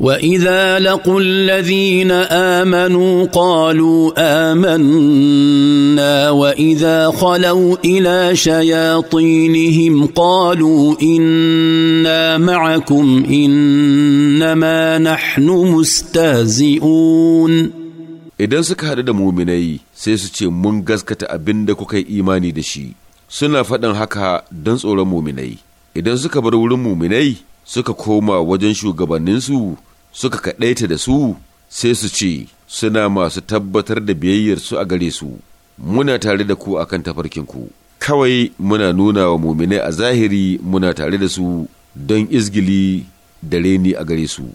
واذا لقوا الذين امنوا قالوا امنا واذا خلوا الى شياطينهم قالوا انا معكم انما نحن مستهزئون idan suka haɗu da muminai sai su ce mun gaskata abin da kuka yi imani da shi suna faɗin haka don tsoron muminai idan suka bar wurin muminai suka koma wajen shugabanninsu suka kaɗaita da su sai su ce suna masu tabbatar da biyayyarsu a gare su muna tare da ku akan ku kawai muna nuna wa muminai a zahiri muna tare da su don izgili da reni a gare su